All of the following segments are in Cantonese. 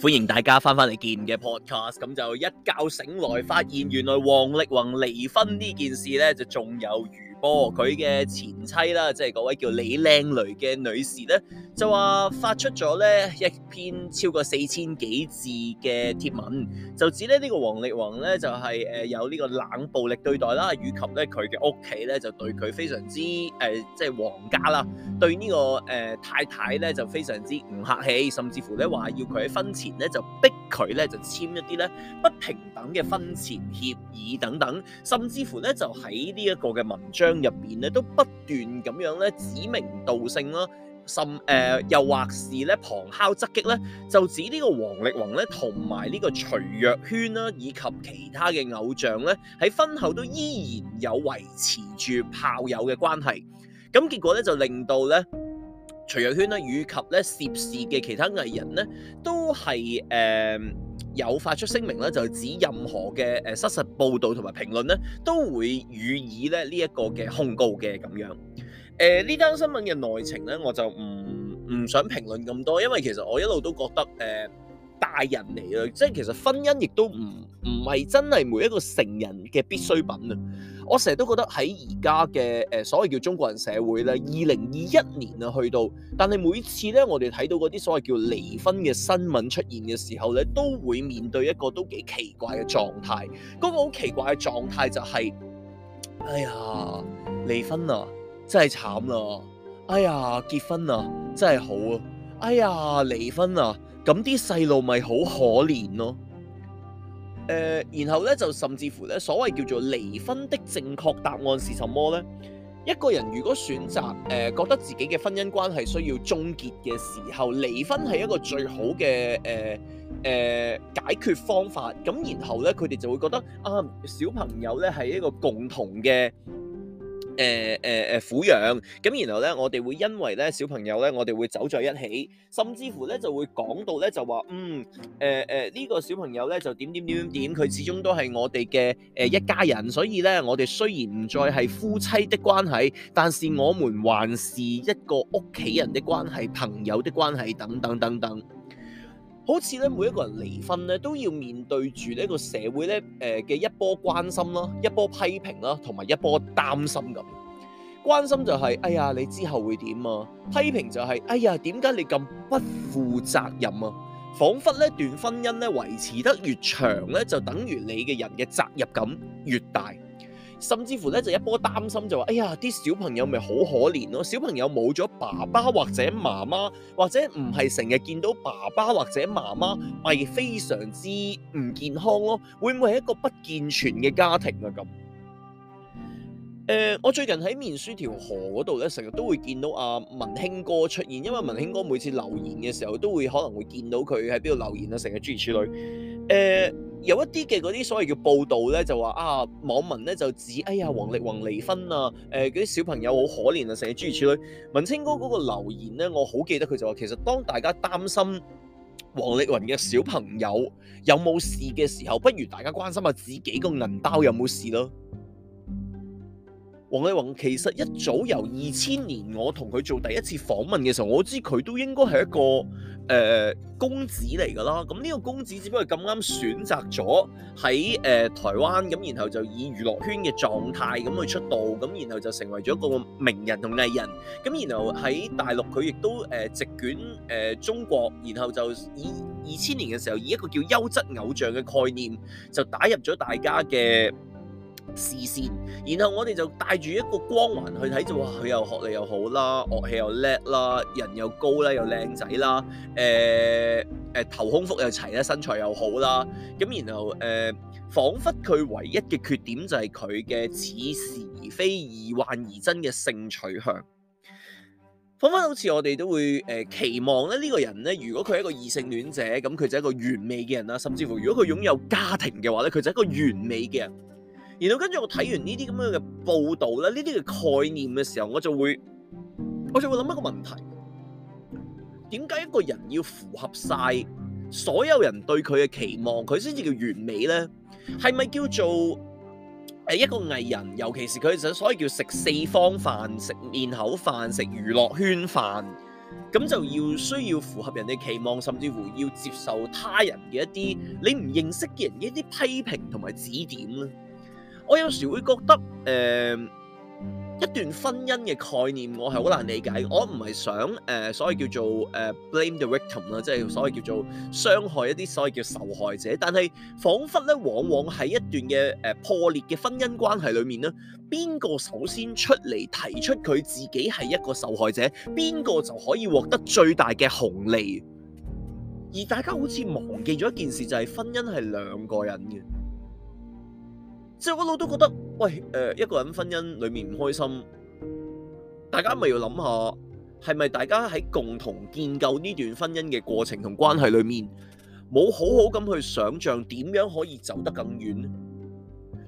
歡迎大家翻翻嚟見嘅 podcast，咁就一覺醒來，發現原來王力宏離婚呢件事呢，就仲有餘波，佢嘅前妻啦，即係嗰位叫李靚蕾嘅女士呢。就話發出咗咧一篇超過四千幾字嘅貼文，就指咧呢個王力宏咧就係誒有呢個冷暴力對待啦，以及咧佢嘅屋企咧就對佢非常之誒即係王家啦，對呢、這個誒、呃、太太咧就非常之唔客氣，甚至乎咧話要佢喺婚前咧就逼佢咧就簽一啲咧不平等嘅婚前協議等等，甚至乎咧就喺呢一個嘅文章入面咧都不斷咁樣咧指名道姓啦。甚誒、呃、又或是咧旁敲側擊咧，就指呢個王力宏咧同埋呢個徐若瑄啦，以及其他嘅偶像咧，喺婚後都依然有維持住炮友嘅關係。咁、嗯、結果咧就令到咧徐若瑄啦，以及咧涉事嘅其他藝人咧，都係誒、呃、有發出聲明咧，就指任何嘅誒失實報導同埋評論咧，都會予以咧呢一個嘅控告嘅咁樣。誒，呢單、呃、新聞嘅內情咧，我就唔唔想評論咁多，因為其實我一路都覺得誒、呃，大人嚟啦，即係其實婚姻亦都唔唔係真係每一個成人嘅必需品啊！我成日都覺得喺而家嘅誒所謂叫中國人社會咧，二零二一年啊去到，但係每次咧我哋睇到嗰啲所謂叫離婚嘅新聞出現嘅時候咧，都會面對一個都幾奇怪嘅狀態。嗰、那個好奇怪嘅狀態就係、是，哎呀，離婚啊！真係慘啦！哎呀，結婚啊，真係好啊！哎呀，離婚啊，咁啲細路咪好可憐咯。誒、呃，然後咧就甚至乎咧，所謂叫做離婚的正確答案是什麼呢？一個人如果選擇誒、呃、覺得自己嘅婚姻關係需要終結嘅時候，離婚係一個最好嘅誒誒解決方法。咁然後咧，佢哋就會覺得啊，小朋友咧係一個共同嘅。誒誒誒撫養，咁然後咧，我哋會因為咧小朋友咧，我哋會走在一起，甚至乎咧就會講到咧就話，嗯誒誒呢個小朋友咧就點點點點點，佢始終都係我哋嘅誒一家人，所以咧我哋雖然唔再係夫妻的關係，但是我們還是一個屋企人的關係、朋友的關係等等，等等等等。好似咧，每一個人離婚咧，都要面對住呢個社會咧，誒嘅一波關心啦，一波批評啦，同埋一波擔心咁。關心就係，哎呀，你之後會點啊？批評就係，哎呀，點解你咁不負責任啊？彷彿呢段婚姻咧維持得越長咧，就等於你嘅人嘅責任感越大。甚至乎咧，就一波擔心就話，哎呀，啲小朋友咪好可憐咯，小朋友冇咗爸爸或者媽媽，或者唔係成日見到爸爸或者媽媽，咪非常之唔健康咯。會唔會係一個不健全嘅家庭啊？咁，誒、呃，我最近喺面書條河嗰度咧，成日都會見到阿、啊、文興哥出現，因為文興哥每次留言嘅時候，都會可能會見到佢喺邊度留言啊，成日諸如此類，誒、呃。有一啲嘅嗰啲所謂嘅報導咧，就話啊，網民咧就指，哎呀，王力宏離婚啊，誒嗰啲小朋友好可憐啊，成日諸如此類。文青哥嗰個留言咧，我好記得佢就話，其實當大家擔心王力宏嘅小朋友有冇事嘅時候，不如大家關心下自己個銀包有冇事咯。王力宏其實一早由二千年我同佢做第一次訪問嘅時候，我知佢都應該係一個誒、呃、公子嚟㗎啦。咁、這、呢個公子只不過咁啱選擇咗喺誒台灣，咁然後就以娛樂圈嘅狀態咁去出道，咁然後就成為咗一個名人同藝人。咁然後喺大陸佢亦都誒席、呃、捲誒、呃、中國，然後就以二千年嘅時候以一個叫優質偶像嘅概念就打入咗大家嘅視線，然後我哋就帶住一個光環去睇，就話佢又學歷又好啦，樂器又叻啦，人又高啦，又靚仔啦，誒、呃、誒、呃、頭胸腹又齊啦，身材又好啦，咁然後誒，仿佛佢唯一嘅缺點就係佢嘅似是而非、疑幻而真嘅性取向。彷彿好似我哋都會誒、呃、期望咧呢、這個人咧，如果佢係一個異性戀者，咁佢就係一個完美嘅人啦。甚至乎，如果佢擁有家庭嘅話咧，佢就係一個完美嘅人。然後跟住我睇完呢啲咁樣嘅報道咧，呢啲嘅概念嘅時候，我就會我就會諗一個問題：點解一個人要符合晒所有人對佢嘅期望，佢先至叫完美呢？係咪叫做誒一個藝人，尤其是佢就所謂叫食四方飯、食面口飯、食娛樂圈飯咁，就要需要符合人哋期望，甚至乎要接受他人嘅一啲你唔認識嘅人嘅一啲批評同埋指點呢？我有時會覺得，誒、呃、一段婚姻嘅概念，我係好難理解。我唔係想誒、呃，所謂叫做誒、呃、blame the victim 啦，即係所謂叫做傷害一啲所謂叫受害者。但係彷彿咧，往往喺一段嘅誒、呃、破裂嘅婚姻關係裏面咧，邊個首先出嚟提出佢自己係一個受害者，邊個就可以獲得最大嘅紅利。而大家好似忘記咗一件事，就係、是、婚姻係兩個人嘅。即係我一路都覺得，喂，誒、呃，一個人婚姻裏面唔開心，大家咪要諗下，係咪大家喺共同建構呢段婚姻嘅過程同關係裏面，冇好好咁去想象點樣可以走得更遠？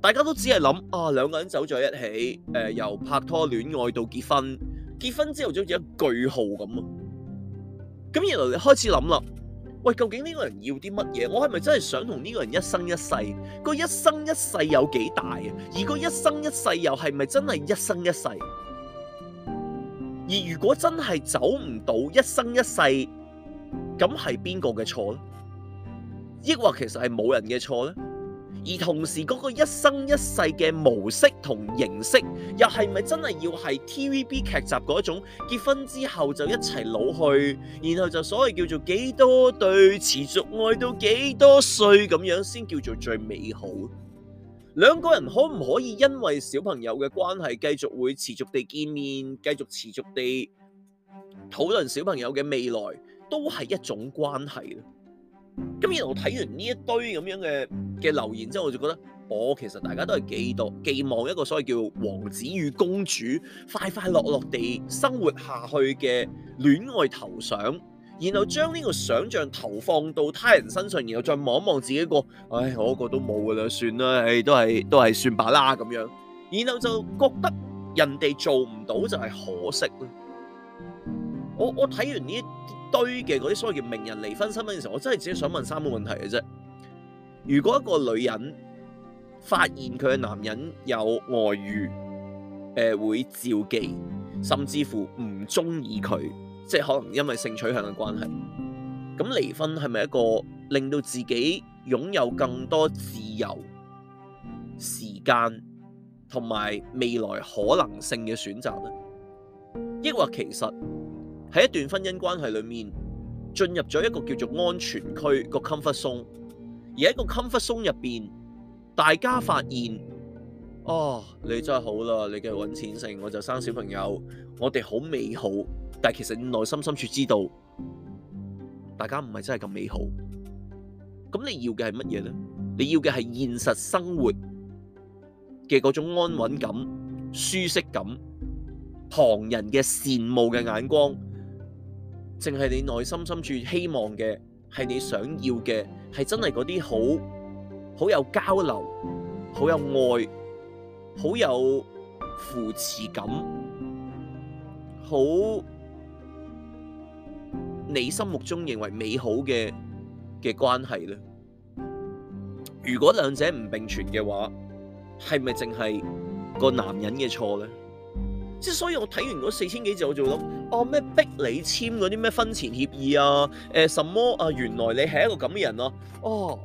大家都只係諗啊，兩個人走在一起，誒、呃，由拍拖、戀愛到結婚，結婚之後就好似一句號咁咯。咁原來你開始諗啦。喂，究竟呢個人要啲乜嘢？我係咪真係想同呢個人一生一世？個一生一世有幾大啊？而個一生一世又係咪真係一生一世？而如果真係走唔到一生一世，咁係邊個嘅錯呢？抑或其實係冇人嘅錯呢？而同時嗰個一生一世嘅模式同形式，又係咪真係要係 TVB 劇集嗰一種結婚之後就一齊老去，然後就所謂叫做幾多對持續愛到幾多歲咁樣先叫做最美好？兩個人可唔可以因為小朋友嘅關係繼續會持續地見面，繼續持續地討論小朋友嘅未來，都係一種關係。咁然後睇完呢一堆咁樣嘅嘅留言之後，我就覺得我其實大家都係寄託寄望一個所謂叫王子與公主快快樂樂地生活下去嘅戀愛頭想，然後將呢個想像投放到他人身上，然後再望望自己個，唉、哎，我個都冇噶啦，算啦，唉、哎，都係都係算吧啦咁樣，然後就覺得人哋做唔到就係可惜咯。我我睇完呢一堆嘅嗰啲所謂嘅名人離婚新聞嘅時候，我真係只係想問三個問題嘅啫。如果一個女人發現佢嘅男人有外遇，誒、呃、會召妓，甚至乎唔中意佢，即係可能因為性取向嘅關係，咁離婚係咪一個令到自己擁有更多自由、時間同埋未來可能性嘅選擇呢？抑或其實，喺一段婚姻關係裏面，進入咗一個叫做安全區個 comfort zone，而喺個 comfort zone 入邊，大家發現哦，你真係好啦，你繼續揾錢成，我就生小朋友，我哋好美好。但其實你內心深處知道，大家唔係真係咁美好。咁你要嘅係乜嘢咧？你要嘅係現實生活嘅嗰種安穩感、舒適感、旁人嘅羨慕嘅眼光。淨係你內心深處希望嘅，係你想要嘅，係真係嗰啲好好有交流、好有愛、好有扶持感、好你心目中認為美好嘅嘅關係咧。如果兩者唔並存嘅話，係咪淨係個男人嘅錯咧？即所以，我睇完嗰四千幾字，我就諗，哦咩逼你簽嗰啲咩婚前協議啊？誒、呃、什麼？啊？原來你係一個咁嘅人啊！哦，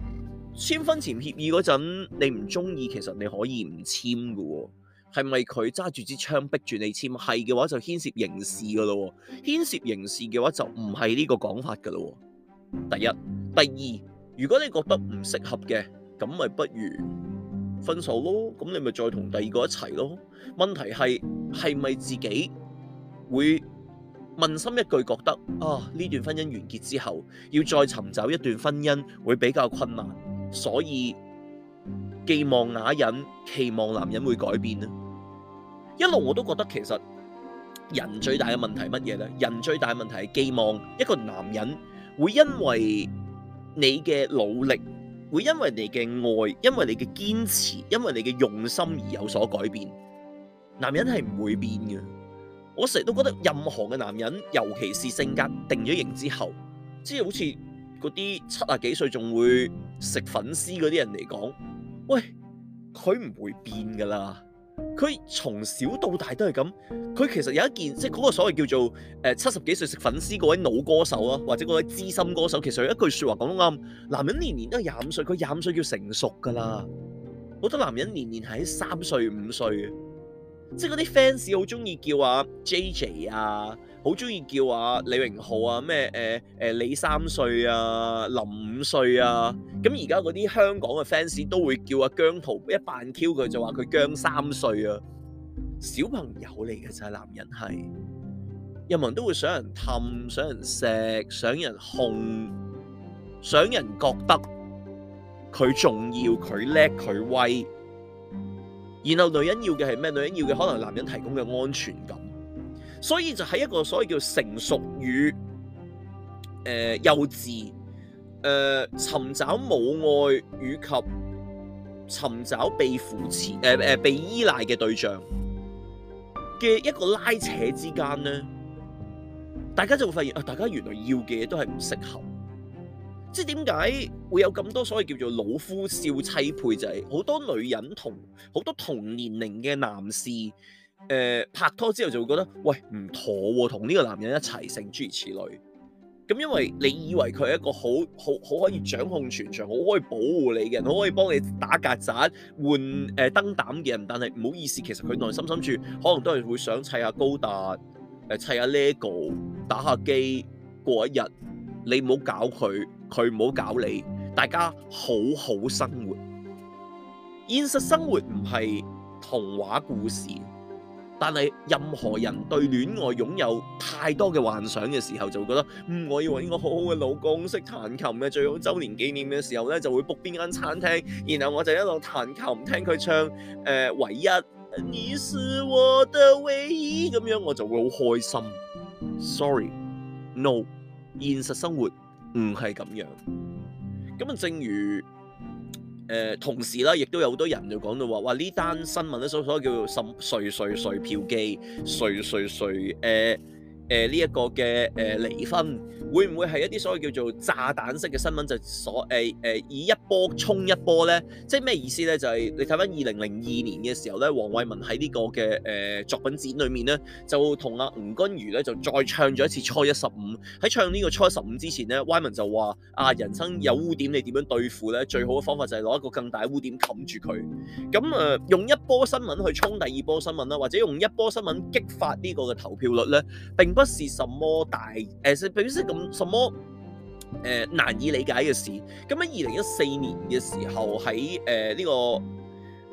簽婚前協議嗰陣你唔中意，其實你可以唔簽嘅喎。係咪佢揸住支槍逼住你簽？係嘅話就牽涉刑事嘅咯喎。牽涉刑事嘅話就唔係呢個講法嘅咯喎。第一、第二，如果你覺得唔適合嘅，咁咪不如。分手咯，咁你咪再同第二個一齊咯。問題係，係咪自己會問心一句，覺得，啊，呢段婚姻完結之後，要再尋找一段婚姻會比較困難，所以寄望啞忍，期望男人會改變咧。一路我都覺得其實人最大嘅問題乜嘢咧？人最大嘅問題係寄望一個男人會因為你嘅努力。會因為你嘅愛，因為你嘅堅持，因為你嘅用心而有所改變。男人係唔會變嘅。我成日都覺得任何嘅男人，尤其是性格定咗型之後，即係好似嗰啲七啊幾歲仲會食粉絲嗰啲人嚟講，喂，佢唔會變噶啦。佢從小到大都係咁，佢其實有一件，即係嗰個所謂叫做誒七十幾歲食粉絲嗰位老歌手啊，或者嗰位資深歌手，其實有一句說話講得啱，男人年年都係廿五歲，佢廿五歲叫成熟噶啦，好多男人年年係喺三歲五歲，即係嗰啲 fans 好中意叫啊 JJ 啊。好中意叫李榮啊，李榮浩啊咩？誒、誒李三歲啊林五歲啊，咁而家嗰啲香港嘅 fans 都會叫阿姜濤一扮 Q 佢就話佢姜三歲啊，小朋友嚟嘅。就係男人係，任何人都會想人氹、想人錫、想人控、想人覺得佢重要佢叻佢威，然後女人要嘅係咩？女人要嘅可能男人提供嘅安全感。所以就喺一個所謂叫成熟與誒、呃、幼稚、誒、呃、尋找母愛與及尋找被扶持、誒、呃、誒、呃、被依賴嘅對象嘅一個拉扯之間咧，大家就會發現啊，大家原來要嘅嘢都係唔適合。即係點解會有咁多所謂叫做老夫少妻配，就係好多女人同好多同年齡嘅男士。誒、呃、拍拖之後就會覺得，喂，唔妥喎、啊，同呢個男人一齊性諸如此類。咁、嗯、因為你以為佢係一個好好好可以掌控全場、好可以保護你嘅人，好可以幫你打曱甴、換誒、呃、燈膽嘅人，但係唔好意思，其實佢內心深處可能都係會想砌下高達、誒砌下 LEGO、打下機過一日。你唔好搞佢，佢唔好搞你，大家好好生活。現實生活唔係童話故事。但係任何人對戀愛擁有太多嘅幻想嘅時候，就會覺得，嗯，我要搵個好好嘅老公，識彈琴嘅，最好周年紀念嘅時候咧，就會 book 邊間餐廳，然後我就一路彈琴，聽佢唱，誒、呃，唯一，你是我的唯一，咁樣我就會好開心。Sorry，no，現實生活唔係咁樣。咁啊，正如。誒、呃、同時啦，亦都有好多人就講到話，哇呢單新聞咧，所所謂叫甚誰誰誰嫖妓，誰誰誰誒。呃誒呢、呃這個呃、一個嘅誒離婚會唔會係一啲所謂叫做炸彈式嘅新聞就所誒誒、呃、以一波衝一波呢，即係咩意思呢？就係、是、你睇返二零零二年嘅時候呢，黃偉文喺呢、這個嘅誒、呃、作品展裏面呢，就同阿吳君如呢，就再唱咗一次《初一十五》。喺唱呢個《初一十五》之前呢，偉文就話：啊，人生有污點，你點樣對付呢？最好嘅方法就係攞一個更大污點冚住佢。咁、嗯、啊、呃，用一波新聞去衝第二波新聞啦，或者用一波新聞激發呢個嘅投票率呢。並不是什麼大誒，譬如即係咁什麼誒、呃、難以理解嘅事。咁喺二零一四年嘅時候，喺誒呢個誒、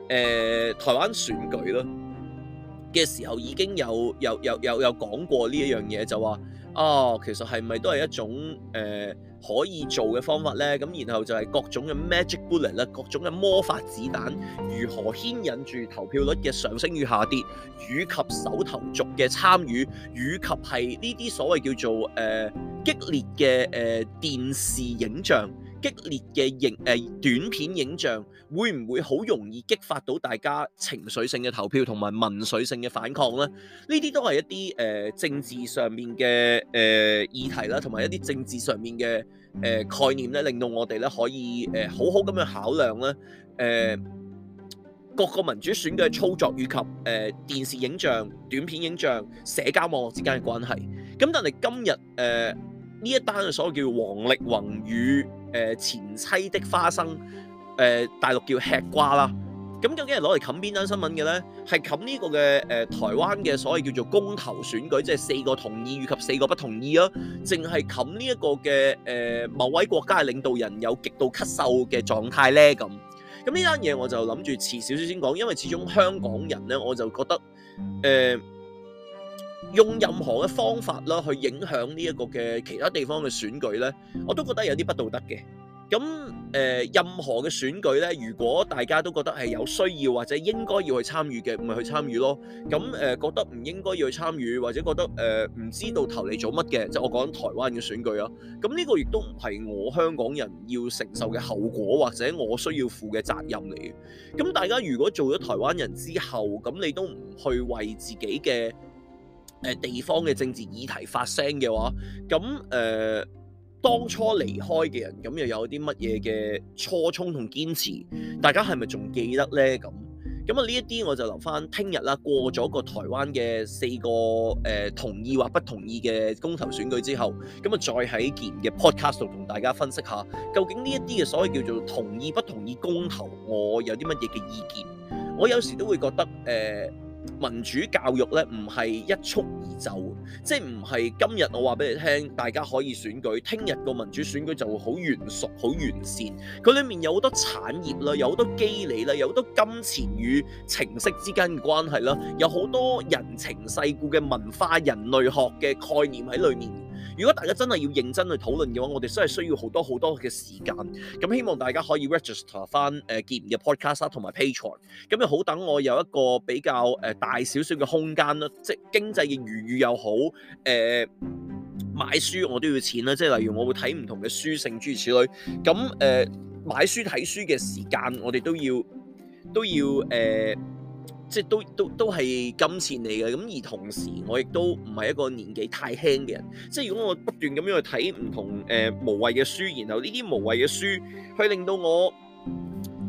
呃、台灣選舉咯嘅時候，已經有有有有有講過呢一樣嘢，就話啊、哦，其實係咪都係一種誒？呃可以做嘅方法呢，咁然後就係各種嘅 magic bullet，各種嘅魔法子彈，如何牽引住投票率嘅上升與下跌，以及首投族嘅參與，以及係呢啲所謂叫做誒、呃、激烈嘅誒、呃、電視影像。激烈嘅影誒短片影像會唔會好容易激發到大家情緒性嘅投票同埋民粹性嘅反抗呢？呢啲都係一啲誒、呃、政治上面嘅誒、呃、議題啦，同埋一啲政治上面嘅誒、呃、概念咧，令到我哋咧可以誒、呃、好好咁樣考量咧誒、呃、各個民主選舉嘅操作，以及誒、呃、電視影像、短片影像、社交網絡之間嘅關係。咁但係今日誒呢一單所謂叫王力宏與誒前妻的花生，誒、呃、大陸叫吃瓜啦。咁究竟係攞嚟冚邊單新聞嘅咧？係冚呢個嘅誒、呃、台灣嘅所謂叫做公投選舉，即係四個同意以及四個不同意啊。淨係冚呢一個嘅誒、呃、某位國家嘅領導人有極度咳嗽嘅狀態咧。咁咁呢單嘢我就諗住遲少少先講，因為始終香港人咧，我就覺得誒。呃用任何嘅方法啦，去影響呢一個嘅其他地方嘅選舉呢，我都覺得有啲不道德嘅。咁誒、呃、任何嘅選舉呢，如果大家都覺得係有需要或者應該要去參與嘅，咁咪去參與咯。咁誒、呃、覺得唔應該要去參與，或者覺得誒唔、呃、知道投你做乜嘅，即、就、係、是、我講台灣嘅選舉啦。咁呢個亦都唔係我香港人要承受嘅後果，或者我需要負嘅責任嚟。咁大家如果做咗台灣人之後，咁你都唔去為自己嘅。誒地方嘅政治議題發聲嘅話，咁誒、呃、當初離開嘅人，咁又有啲乜嘢嘅初衷同堅持？大家係咪仲記得呢？咁咁啊呢一啲我就留翻聽日啦。過咗個台灣嘅四個誒、呃、同意或不同意嘅公投選舉之後，咁啊再喺件嘅 podcast 度同大家分析下，究竟呢一啲嘅所謂叫做同意不同意公投，我有啲乜嘢嘅意見？我有時都會覺得誒、呃民主教育咧，唔係一蹴而就，即係唔係今日我話俾你聽，大家可以選舉，聽日個民主選舉就會好完熟、好完善。佢裏面有好多產業啦，有好多機理啦，有好多金錢與情色之間嘅關係啦，有好多人情世故嘅文化、人類學嘅概念喺裏面。如果大家真係要認真去討論嘅話，我哋真係需要好多好多嘅時間。咁希望大家可以 register 翻誒傑賢、呃、嘅 podcast 同埋 patreon。咁又好等我有一個比較誒、呃、大少少嘅空間啦，即係經濟嘅餘裕又好誒、呃、買書我都要錢啦。即係例如我會睇唔同嘅書性諸如此類。咁誒、呃、買書睇書嘅時間，我哋都要都要誒。呃即係都都都係金錢嚟嘅，咁而同時我亦都唔係一個年紀太輕嘅人。即係如果我不斷咁樣去睇唔同誒、呃、無謂嘅書，然後呢啲無謂嘅書去令到我誒。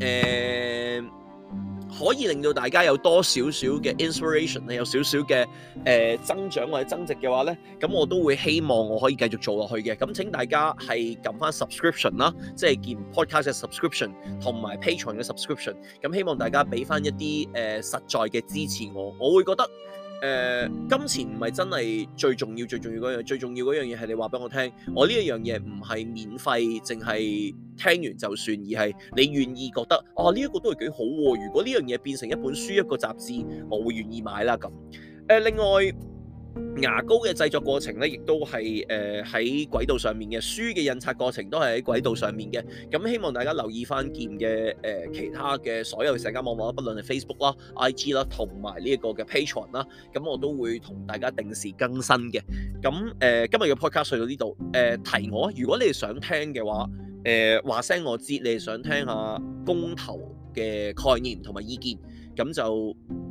呃可以令到大家有多少少嘅 inspiration 有少少嘅誒、呃、增長或者增值嘅話咧，咁我都會希望我可以繼續做落去嘅。咁請大家係撳翻 subscription 啦，即係件 podcast 嘅 subscription 同埋 patreon 嘅 subscription。咁希望大家俾翻一啲誒、呃、實在嘅支持我，我會覺得。誒、呃，金錢唔係真係最重要最重要嗰樣，最重要嗰樣嘢，係你話俾我聽，我呢一樣嘢唔係免費，淨係聽完就算，而係你願意覺得啊呢一、呢個都係幾好，如果呢樣嘢變成一本書一個雜誌，我會願意買啦咁。誒、呃，另外。牙膏嘅製作過程咧，亦都係誒喺軌道上面嘅。書嘅印刷過程都係喺軌道上面嘅。咁、嗯、希望大家留意翻劍嘅誒其他嘅所有社交網絡，不論係 Facebook 啦、IG 啦，同埋呢一個嘅 Patreon 啦。咁、嗯、我都會同大家定時更新嘅。咁、嗯、誒、呃，今日嘅 podcast 到呢度。誒、呃，提我，如果你哋想聽嘅話，誒、呃、話聲我知，你哋想聽下公投嘅概念同埋意見，咁、嗯、就。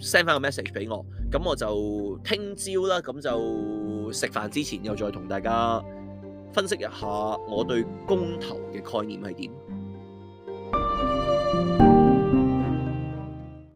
send 翻個 message 俾我，咁我就聽朝啦。咁就食飯之前又再同大家分析一下我對公投嘅概念係點。